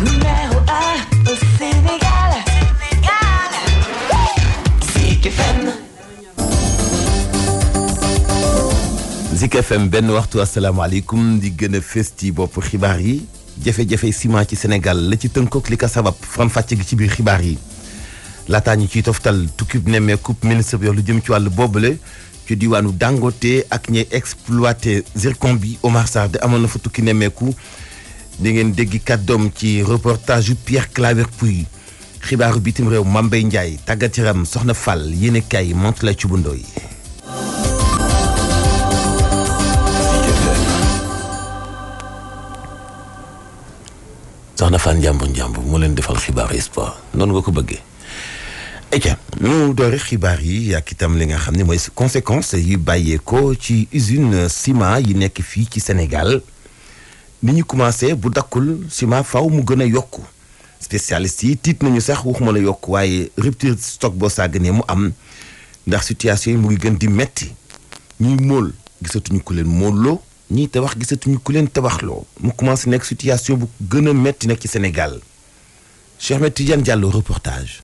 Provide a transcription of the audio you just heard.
numéro 1 au Sénégal. Zik FM. Zik FM benn Sénégal! di gën a fës Sénégal! xibaar yi Sénégal! jafé ciment ci Sénégal la ci tënkook li ko sabab faram Sénégal! gi ci bi xibaar yi. Sénégal! ñu Sénégal! toftal Sénégal! coupe ministre lu jëm ci ci Omar de amon na di ngeen dégg kàddoom ci reportage Pierre Claver Puy xibar bitim rew Mame Mbaye tagatiram tàggat Soxna Fall yene kay mont la ci bundoo yi soxna Fane njàmbur njàmbur mo len defal xibar espoir non nga ko bëggee. Etienne ñu doore xibaar yi ak itam li nga xam ne mooy conséquences yi bàyyeekoo ci usine ciment yi nekk fii ci Sénégal. ni ñu commencé bu dakkul ciment faw mu gën a yokku spécialistes yi tiit nañu sax waxuma la yokk waaye rupture stock boo sàgganee mu am ndax situation yi mu ngi gën di metti ñuy mool gisatuñu ku leen mooloo ñiy tabax gisatuñu ku leen tabaxloo mu commencé nekk situation bu gën a metti nag ci Sénégal Cheikh Ahmed Tidiane Diallo reportage